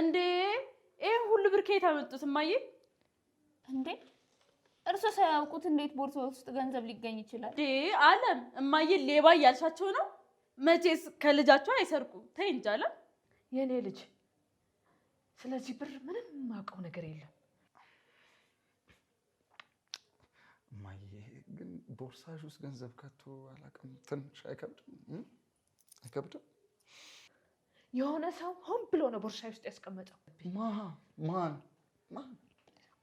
እንዴ ይህ ሁሉ ብር ከየት አመጡት? እማዬ እንዴ እርሶ ሳያውቁት እንዴት ቦርሳ ውስጥ ገንዘብ ሊገኝ ይችላል? አለም እማዬ ሌባ እያልሻቸው ነው? መቼስ ከልጃቸው አይሰርቁም። ተይ እንጂ አለም የእኔ ልጅ፣ ስለዚህ ብር ምንም የማውቀው ነገር የለም። እማዬ ግን ቦርሳሽ ውስጥ ገንዘብ ከቶ አላውቅም። ትንሽ አይከብድም? አይከብድም የሆነ ሰው ሆን ብሎ ነው ቦርሳዬ ውስጥ ያስቀመጠው። ማን ማን?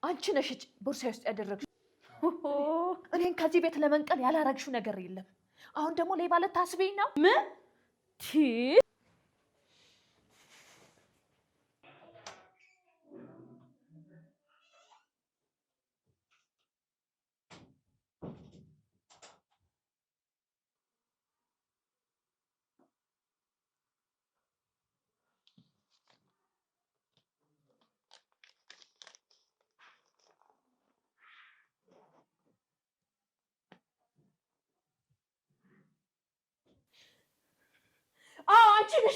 አንቺ ነሽ ቦርሳዬ ውስጥ ያደረግሽው። እኔን ከዚህ ቤት ለመንቀል ያላረግሽው ነገር የለም። አሁን ደግሞ ሌባ ልታስቢኝ ነው ምን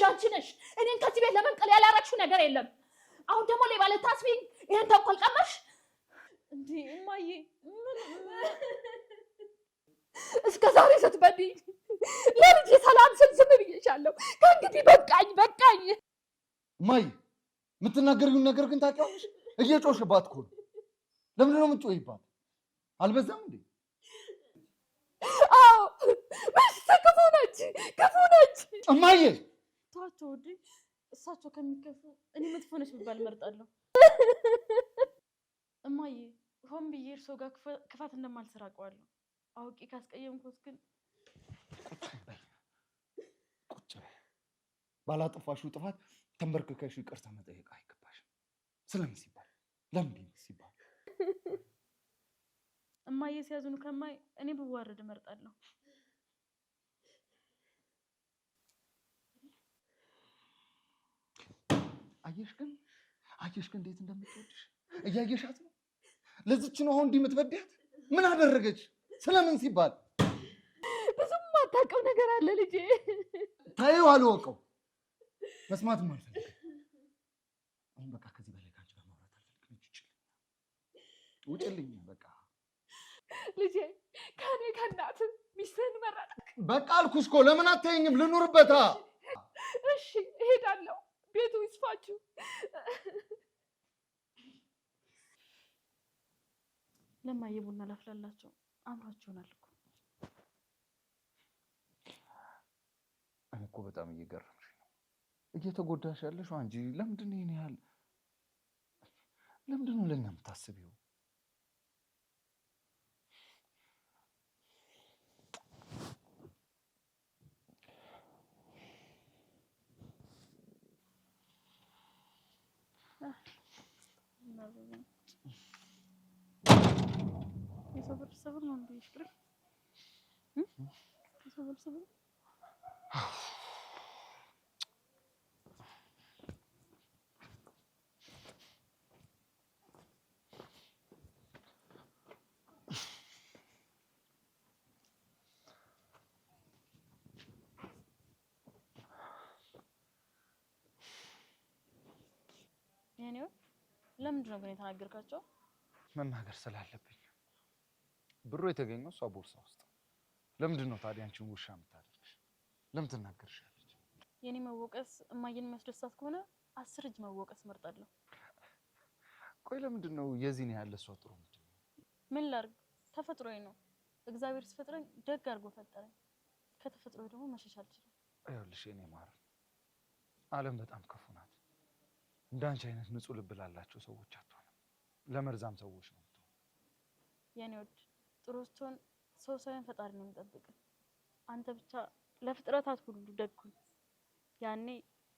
አንቺ ነሽ። እኔን ከዚህ ቤት ለመንቀል ያላረግሽው ነገር የለም። አሁን ደግሞ ላይ ባለ ታስቢኝ ይሄን ተንኮል ቀመሽ እንዴ? እማዬ እስከ ዛሬ ስትበድኝ ለልጅ ሰላም ስል ዝም ብዬሻለሁ። ከእንግዲህ በቃኝ በቃኝ። እማዬ የምትናገሪውን ነገር ግን ታውቂያለሽ። እየጮሽባት እኮ ነው። ለምንድን ነው የምትጮይባት? አልበዛም እንዴ? አዎ ክፉ ነች፣ ክፉ ነች እማዬ ከምትወዱኝ እሳቸው ከሚከፉ እኔ መጥፎ ነች ብባል መርጣለሁ። እማዬ ሆን ብዬ እርሶ ጋር ክፋት እንደማልሰራ አውቀዋለሁ። አውቄ ካስቀየምኩት ግን ቁጭ በይ። ባላጠፋሽው ጥፋት ተንበርክከሽ ይቅርታ መጠየቅ አይገባሽም። ስለምን ሲባል ለምን ሲባል እማዬ ሲያዝኑ ከማይ እኔ ብዋረድ እመርጣለሁ። አየሽ ግን አየሽ ግን እንዴት እንደምትወድሽ እያየሻት ነው። ለዚች ነው እንዲህ የምትበድያት። ምን አደረገች? ስለምን ሲባል ብዙም ማታውቀው ነገር አለ ልጄ። ታየው አልወቀው መስማትም አልፈልግም። አሁን በቃ ከዚህ በላይ ካንቺ ጋር ማውራት አልፈልግም። ውጭልኝ በቃ ልጄ። ከኔ ከእናት ሚስትህን መረጥ በቃ አልኩሽ እኮ። ለምን አታየኝም? ልኑርበታ። እሺ እሄዳለሁ ቤቱ ይስፋችሁ። ለማየ ቡና ላፍላላቸው። አምሯችሁ ይሆናል እኮ። እኔ እኮ በጣም እየገረምሽ ነው። እየተጎዳሽ ያለሽ አንጂ። ለምንድን ነው ያህል? ለምንድን ነው ለእኛ የምታስቢው? Heh. Bunlar bugün. Sabır sabır mı bu iş bırak? Hı? Sabır sabır. ለምንድን ነው ግን የተናገርካቸው? መናገር ስላለብኝ። ብሩ የተገኘው እሷ ቦርሳ ውስጥ። ለምንድን ነው ታዲያ አንቺን ውሻ የምታደርግሽ? ለምን ትናገርሻለች? የኔ መወቀስ እማየን የሚያስደሳት ከሆነ አስር እጅ መወቀስ መርጣለሁ። ቆይ ለምንድን ነው የዚህ ነው ያለ እሷ ጥሩ ምንድን ነው? ምን ላርግ? ተፈጥሮዬ ነው። እግዚአብሔር ሲፈጥረኝ ደግ አድርጎ ፈጠረኝ። ከተፈጥሮ ደግሞ መሸሽ አልችልም። ይኸውልሽ የኔ ማር አለም በጣም ክፉ ናት። እንዳንቺ አይነት ንጹህ ልብ ላላቸው ሰዎች አትሆንም። ለመርዛም ሰዎች ነው የኔ ወድ ጥሩ ስትሆን ሰው ሳይሆን ፈጣሪ ነው የሚጠብቅ። አንተ ብቻ ለፍጥረታት ሁሉ ደጉን ያኔ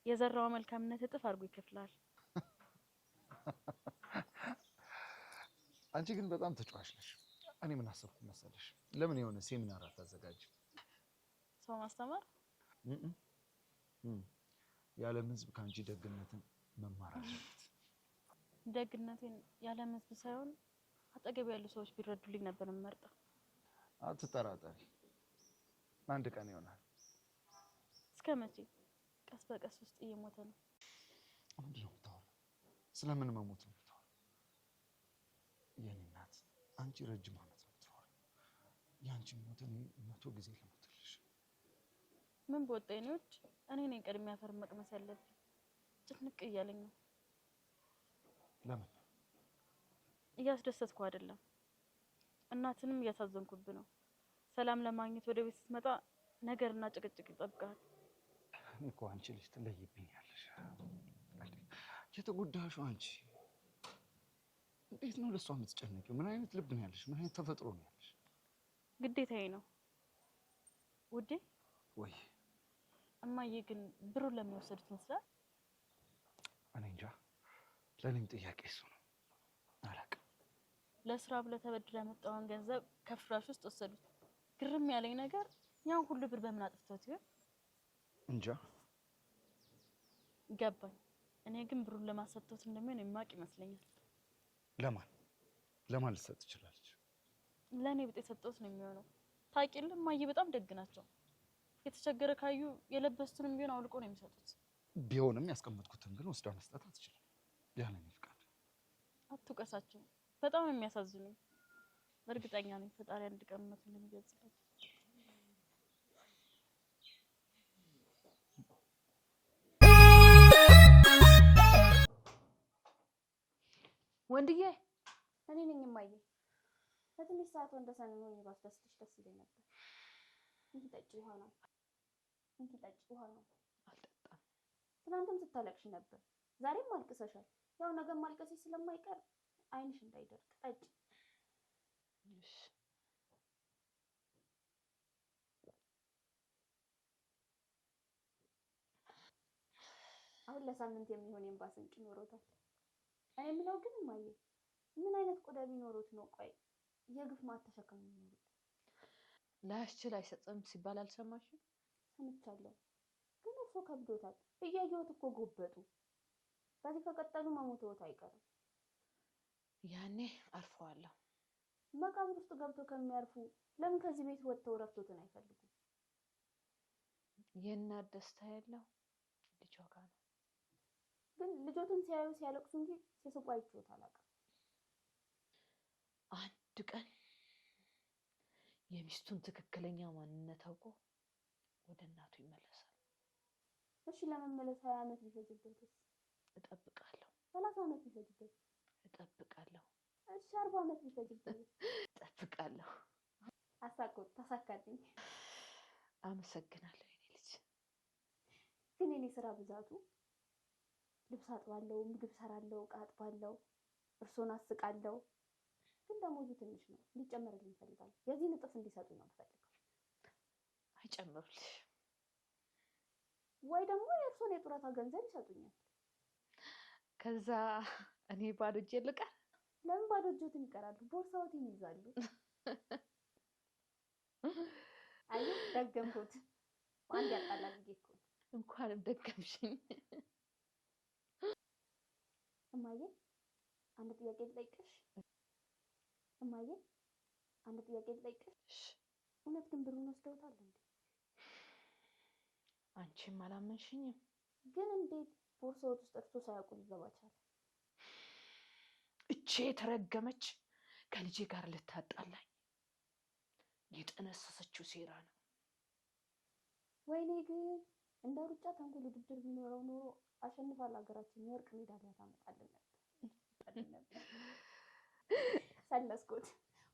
የዘራው መልካምነት እጥፍ አድርጎ ይከፍላል። አንቺ ግን በጣም ተጫዋች ነሽ። እኔ ምን አሰብኩ መሰለሽ? ለምን የሆነ ሴሚናር አታዘጋጅ? ሰው ማስተማር የዓለም ህዝብ ከአንቺ ደግነትን መማር አለበት። ደግነቴን ያለም ህዝብ ሳይሆን አጠገብ ያሉ ሰዎች ቢረዱልኝ ነበር የምመርጠው። አትጠራጠሪ፣ አንድ ቀን ይሆናል። እስከ መቼ? ቀስ በቀስ ውስጥ እየሞተ ነው። ምንድን ነው የምታወራው? ስለምን መሞት ነው የምታወራው? የኔ እናት፣ አንቺ ረጅም አመት ነው የምትኖሪው። የአንቺን ሞት እኔ መቶ ጊዜ ልሞትልሽ። ምን በወጣ እኔ ነኝ ቅድሚያ አፈር መቅመስ ያለብኝ ጭንቅ እያለኝ ነው። ለምን እያስደሰትኩ አይደለም። እናትንም እያሳዘንኩብ ነው። ሰላም ለማግኘት ወደ ቤት ስትመጣ ነገርና ጭቅጭቅ ይጠብቃል እኮ። አንቺ ልጅ ትለይብኛለሽ። የተጎዳሹ አንቺ እንዴት ነው ለእሷ የምትጨነቂው? ምን አይነት ልብ ነው ያለሽ? ምን አይነት ተፈጥሮ ነው ያለሽ? ግዴታዬ ነው ውዴ። ወይ እማዬ ግን ብሩን ለሚወሰዱት ይመስላል? እኔ እንጃ። ለእኔም ጥያቄ እሱ ነው። አላውቅም። ለስራ ብለህ ተበድረህ ያመጣውን ገንዘብ ከፍራሽ ውስጥ ወሰዱት። ግርም ያለኝ ነገር ያን ሁሉ ብር በምን አጥፍቶት ይሆን? እንጃ። ገባኝ። እኔ ግን ብሩን ለማሰጥቶት እንደሚሆን የማውቅ ይመስለኛል። ለማን ለማን ልሰጥ ትችላለች? ለእኔ ብጤ ሰጠሁት ነው የሚሆነው። ታውቂልም፣ እማዬ በጣም ደግ ናቸው። የተቸገረ ካዩ የለበሱትንም ቢሆን አውልቆ ነው የሚሰጡት። ቢሆንም ያስቀመጥኩትን ግን ወስዳ መስጠት አትችልም። ያለኝ ፍቃድ አትውቀሳቸው። በጣም የሚያሳዝኑ እርግጠኛ ነኝ ፈጣሪ አንድ ቀን እውነቱን እንደሚገልጽበት። ወንድዬ እኔ ነኝ የማየ። ከትንሽ ሰዓት ወንደሰን ነው ባስደስትሽ ደስ ይለኝ ነበር። እንኪ ጠጪ ውሃ ነው። እንኪ ጠጪ ውሃ ነው ትናንትም ስታለቅሽ ነበር፣ ዛሬም አልቅሰሻል። ያው ነገር ማልቀሰች ስለማይቀር አይንሽ እንዳይደርቅ ጠጪ። አሁን ለሳምንት የሚሆን የእምባ ስንቅ ይኖሮታል። እኔ የምለው ግን ማየ ምን አይነት ቆዳ ቢኖሩት ነው ቆይ የግፍ ማት ተሸክሞ የሚኖሩት? ላያስችል አይሰጥም ሲባል አልሰማሽም? ሰምቻለሁ። ግን እሱ ከብዶታል። እያየሁት እኮ ጎበጡ። በዚህ ከቀጠሉ መሞትዎት አይቀርም። ያኔ አርፈዋለሁ። መቃብር ውስጥ ገብቶ ከሚያርፉ ለምን ከዚህ ቤት ወጥተው ረፍቶትን አይፈልጉም? የእናት ደስታ ያለው ልጇ ጋ ነው። ግን ልጆትን ሲያዩ ሲያለቅሱ እንጂ ሲስቁ አይቼዎት አላውቅም። አንድ ቀን የሚስቱን ትክክለኛ ማንነት አውቆ ወደ እናቱ ይመለሳል። እሺ ለመመለስ ሀያ ዓመት ቢፈጅበትስ? እጠብቃለሁ። ሰላሳ ዓመት ቢፈጅበትስ? እጠብቃለሁ። እሺ አርባ ዓመት ቢፈጅበትስ? እጠብቃለሁ። አሳቆት ታሳካልኝ። አመሰግናለሁ የኔ ልጅ። ግን የኔ ስራ ብዛቱ ልብስ አጥባለሁ፣ ምግብ ሰራለሁ፣ እቃ አጥባለሁ፣ እርሶን አስቃለሁ። ግን ደሞዙ ትንሽ ነው፣ እንዲጨመርልኝ እፈልጋለሁ። የዚህን እጥፍ እንዲሰጡ ነው የምፈልገው። አይጨምሩልሽ ወይ ደግሞ የእርሶን የጡረታ ገንዘብ ይሰጡኛል። ከዛ እኔ ባዶ እጄ ልቀር? ለምን ባዶ እጆትን ይቀራሉ? ቦርሳዎትን ይይዛሉ። አይ ደገምኩት። አንድ ያጣላል ጊዜ እኮ እንኳንም ደገምሽኝ። እማዬ አንድ ጥያቄ ልጠይቅሽ። እማዬ አንድ ጥያቄ ልጠይቅሽ። እውነት ግን ብሩን ወስደውታል እንዴ? አንቺም አላመንሽኝም። ግን እንዴት ቦርሳዎት ውስጥ እርሶ ሳያውቁ ሊገባ ቻለ? እቼ የተረገመች ከልጄ ጋር ልታጣላኝ የጠነሰሰችው ሴራ ነው። ወይኔ ግን እንደ ሩጫ ተንኮል ውድድር ቢኖረው ኖሮ አሸንፋል ሀገራችን የወርቅ ሜዳሊያ ታመጣልን ነበር። ሰለስኮት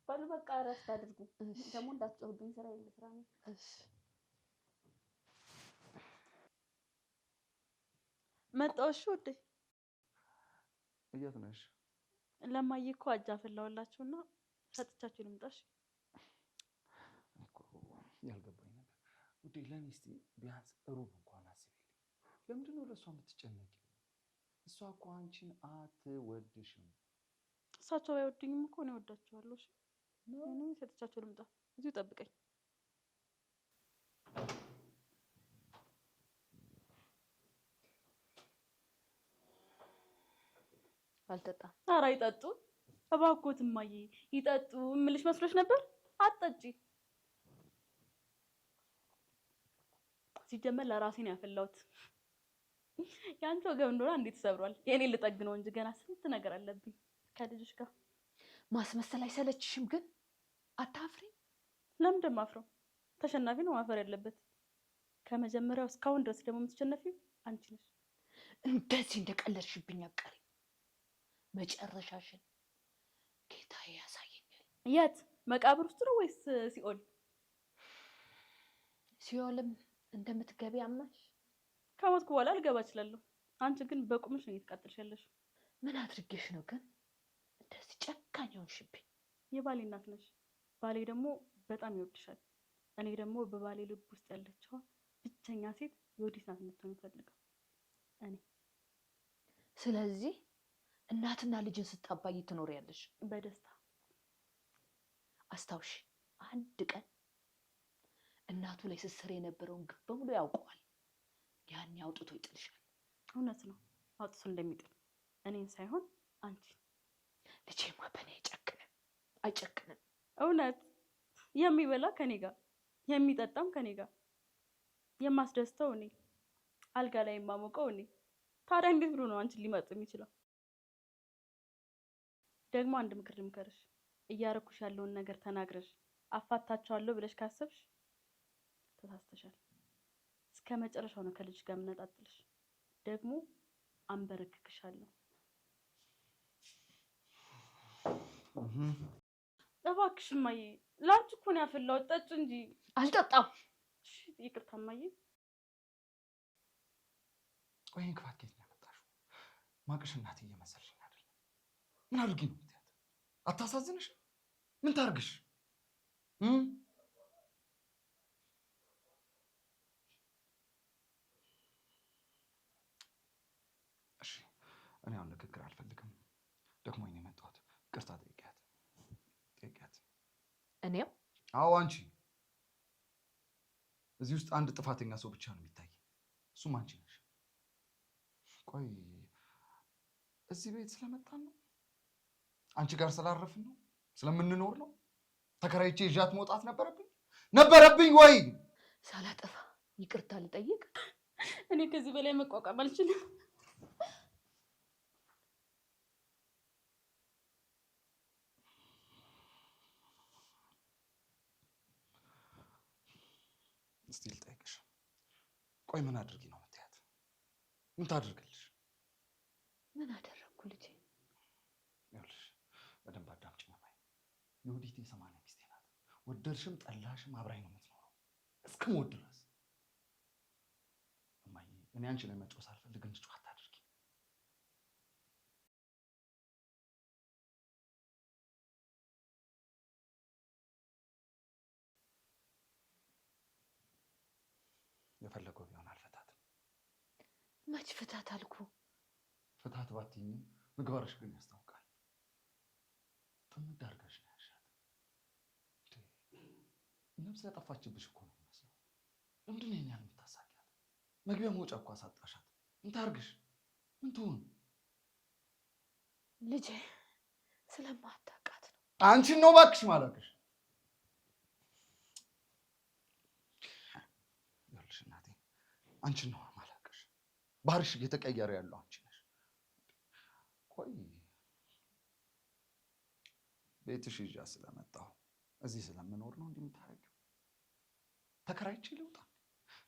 በሉ በቃ እረፍት አድርጉ። ደግሞ እንዳትጮህብኝ ስራ የለ ስራ ነው። መጣሁ። እሺ ውዴ፣ እየት ነሽ? ለማዬ እኮ አጃ ፈላሁላችሁና ሰጥቻችሁ ልምጣ። ያልገባኝ ነገር ውዴ፣ ለእኔ እስኪ ቢያንስ ሩብ እንኳን አስቢልኝ። ለምንድን ነው ለእሷ የምትጨነቂ? እሷ እኮ አንቺን አትወድሽም። እሳቸው ባይወድኝም እኮ እኔ እወዳቸዋለሁ። እሺ ልምጣ። እዚሁ ጠብቀኝ። አልጠጣም። ኧረ ይጠጡ እባክዎት እማዬ፣ ይጠጡ እምልሽ መስሎሽ ነበር። አትጠጪ። ሲጀመር ለራሴ ነው ያፈላሁት። የአንቺ ወገብ እንደሆነ እንዴት ሰብሯል። የኔ ልጠግ ነው እንጂ ገና ስንት ነገር አለብኝ ከልጅሽ ጋር። ማስመሰል አይሰለችሽም? ግን አታፍሪ? ለምን አፍረው ተሸናፊ ነው ማፈር ያለበት። ከመጀመሪያው እስካሁን ድረስ ደግሞ የምትሸነፊ አንቺ ነሽ። እንደዚህ እንደቀለድሽብኝ አቀሪ መጨረሻሽን ጌታ ያሳየኛል። የት መቃብር ውስጥ ነው ወይስ ሲኦል? ሲኦልም እንደምትገቢ አምናሽ ከሞትኩ በኋላ ልገባ እችላለሁ። አንቺ ግን በቁምሽ ነው እየተቃጠልሽ ያለሽ። ምን አድርጌሽ ነው ግን እንደዚህ ጨካኝ ሆንሽብኝ? የባሌ እናት ነሽ። ባሌ ደግሞ በጣም ይወድሻል። እኔ ደግሞ በባሌ ልብ ውስጥ ያለችዋ ብቸኛ ሴት የወዲት ናት የምትሆን ይፈልጋል እኔ ስለዚህ እናትና ልጅን ስታባይ ያለሽ በደስታ። አስታውሺ፣ አንድ ቀን እናቱ ላይ ስስር የነበረውን ግፍ በሙሉ ያውቀዋል። ያኔ አውጥቶ ይጥልሻል። እውነት ነው፣ አውጥቶ እንደሚጥል እኔን ሳይሆን አንቺ። ልጄማ በእኔ አይጨክንም አይጨክንም። እውነት የሚበላ ከኔ ጋር፣ የሚጠጣም ከኔ ጋር፣ የማስደስተው እኔ፣ አልጋ ላይ የማሞቀው እኔ። ታዲያ እንዴት ብሎ ነው አንቺን ሊመርጥ የሚችለው? ደግሞ አንድ ምክር ልምከርሽ። እያረኩሽ ያለውን ነገር ተናግረሽ አፋታቸዋለሁ ብለሽ ካሰብሽ ተሳስተሻል። እስከ መጨረሻው ነው ከልጅ ጋር የምነጣጥልሽ። ደግሞ አንበረክክሻለሁ። እባክሽ እማዬ፣ ለአንቺ እኮ ነው ያፈላሁት። ጠጪ እንጂ። አልጠጣም። ይቅርታ እማዬ። ቆይ እንክባት ኬት ነው ያመጣሽው? ማቅሽ እናት እየመሰልሽ ምን አድርጊ ነው ምትያት? አታሳዝንሽ? ምን ታርግሽ? እሺ እኔ አሁን ንግግር አልፈልግም። ደግሞ ነው የመጣሁት። ቅርታ ጠይቂያት፣ ጠይቂያት። እኔም አዎ፣ አንቺ እዚህ ውስጥ አንድ ጥፋተኛ ሰው ብቻ ነው የሚታይ፣ እሱም አንቺ ነሽ። ቆይ እዚህ ቤት ስለመጣን ነው አንቺ ጋር ስላረፍን ነው ስለምንኖር ነው ተከራይቼ እዣት መውጣት ነበረብኝ ነበረብኝ ወይ ሳላጠፋ ይቅርታ ልጠይቅ እኔ ከዚህ በላይ መቋቋም አልችልም እስቲ ልጠይቅሽ ቆይ ምን አድርጊ ነው የምትያት ምን የወዲት የሰማነ ሚስቴ ናት። ወደድሽም ጠላሽም አብራኝ ነው የምትኖረው እስከ ሞት ድረስ። እማዬ እኔ አንቺ ላይ መጮህ ሳልፈልግ እንድጮህ አታድርጊ። የፈለገው ቢሆን አልፈታትም። መች ፍታት አልኩ። ፍታት ባትይኝም ምግባርሽ ግን ያስታውቃል። ጥምድ አድርገሽ ነው ነፍስ ያጠፋችብሽ እኮ ነው የሚመስለው። ለምንድን ነው ያህል የምታሳቂያት? መግቢያ መውጫ እኮ አሳጣሻት። ምን ታርግሽ? ምን ትሆን? ልጄ ስለማታውቃት ነው። አንቺን ነው እባክሽ ማላውቅሽ። ይኸውልሽ እናቴ፣ አንቺን ነው ማላውቅሽ። ባህሪሽ እየተቀየረ ያለው አንቺ ነሽ። ቆይ ቤትሽ ይዣ ስለመጣሁ እዚህ ስለምኖር ነው እንዲህ የምታደርጊው? ተከራይቼ ልውጣ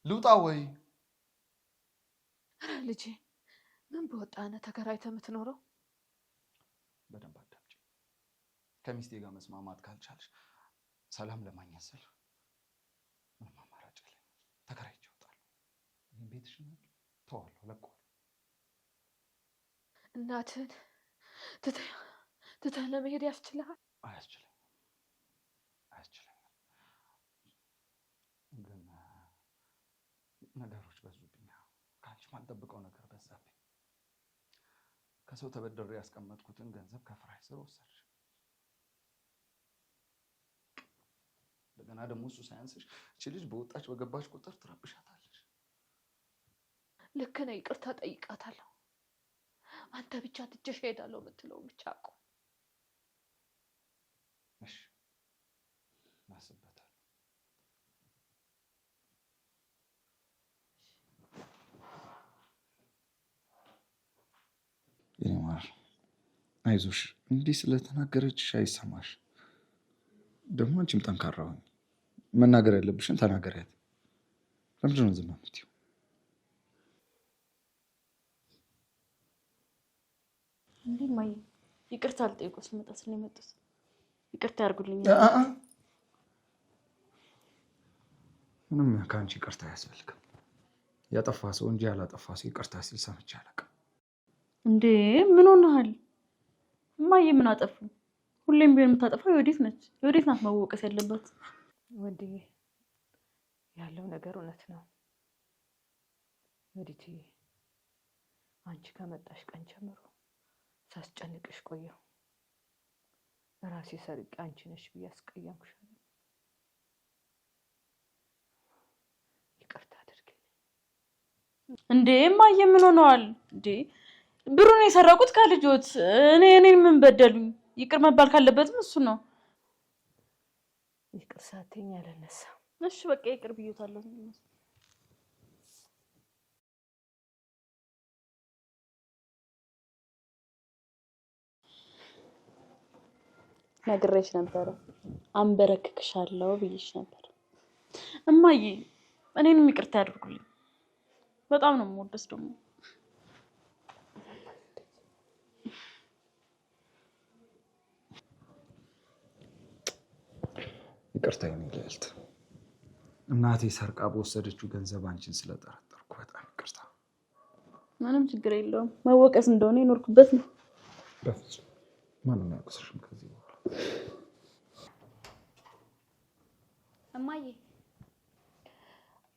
ልውጣ ወይ ልጄ ምን በወጣ በወጣነ ተከራይተ የምትኖረው? በደንብ አዳምጪ። ከሚስቴ ጋር መስማማት ካልቻልሽ ሰላም ለማግኘት ስል ምንም አማራጭ የለኝም፣ ተከራይቼ እወጣለሁ። ይህን ቤትሽን ተዋለሁ፣ ለቀዋለሁ። እናትህን ትተህ ለመሄድ ያስችልሃል? አያስችልም። ነገሮች በዙብኝ። ከአንቺ ማልጠብቀው ነገር በዛብኝ። ከሰው ተበደሬ ያስቀመጥኩትን ገንዘብ ከፍራሽ ስር ወሰድሽ። እንደገና ደግሞ እሱ ሳያንስሽ እቺ ልጅ በወጣች በገባች ቁጥር ትረብሻታለሽ። ልክ ነህ። ይቅርታ ጠይቃታለሁ። አንተ ብቻ ትቼሽ እሄዳለሁ የምትለው ብቻ አቁ አይዞሽ እንዲህ ስለተናገረች አይሰማሽ። ደግሞ አንቺም ጠንካራ ሆኝ፣ መናገር ያለብሽን ተናገሪያት። ለምንድን ነው ዝም የምትይው? እንዴ ማይ፣ ይቅርታ አልጠይቆ ስመጣ ስለመጡት ይቅርታ ያርጉልኝ። ምንም ከአንቺ ይቅርታ አያስፈልግም። ያጠፋ ሰው እንጂ ያላጠፋ ሰው ይቅርታ ሲል ሰምቼ አላውቅም። እንዴ ምን ሆነሃል? እማዬ ምን አጠፉ? ሁሌም ቢሆን የምታጠፋው የወዴት ነች የወዴት ናት መወቀስ ያለባት። ወንድዬ ያለው ነገር እውነት ነው። ወዲትዬ አንቺ ከመጣሽ ቀን ጀምሮ ሳስጨንቅሽ ቆየሁ። ራሴ ሰርቄ አንቺ ነሽ ብዬ አስቀየምኩሻለሁ። ይቅርታ አድርጊልኝ። እንዴ እማዬ ምን ሆነዋል እንዴ? ብሩን የሰረቁት ከልጆት እኔ እኔን ምን በደሉኝ? ይቅር መባል ካለበትም እሱ ነው። ይቅር ሳትኝ አልነሳም። እሺ በቃ ይቅር ብዬታለሁ። ነግሬሽ ነበረ፣ አንበረክክሻለሁ ብዬሽ ነበር። እማዬ እኔንም ይቅርታ ያደርጉልኝ። በጣም ነው የምወደስ ደግሞ ይቅርታ ይሁን እናቴ ሰርቃ በወሰደችው ገንዘብ አንቺን ስለጠረጠርኩ በጣም ይቅርታ። ምንም ችግር የለውም። መወቀስ እንደሆነ የኖርኩበት ነው። በፍጹም ማንም አያውቅሽም ከዚህ በኋላ እማዬ።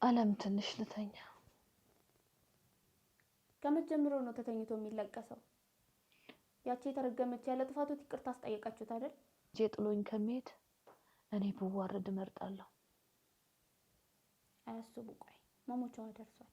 አለም ትንሽ ልተኛ። ከመቼ ጀምሮ ነው ተተኝቶ የሚለቀሰው? ያቺ የተረገመች ያለ ጥፋቶት ይቅርታ አስጠየቃችሁት አይደል? ጄ ጥሎኝ ከመሄድ እኔ ብዋረድ እመርጣለሁ። አያስቡ ቆይ መሞቻዋ ደርሷል።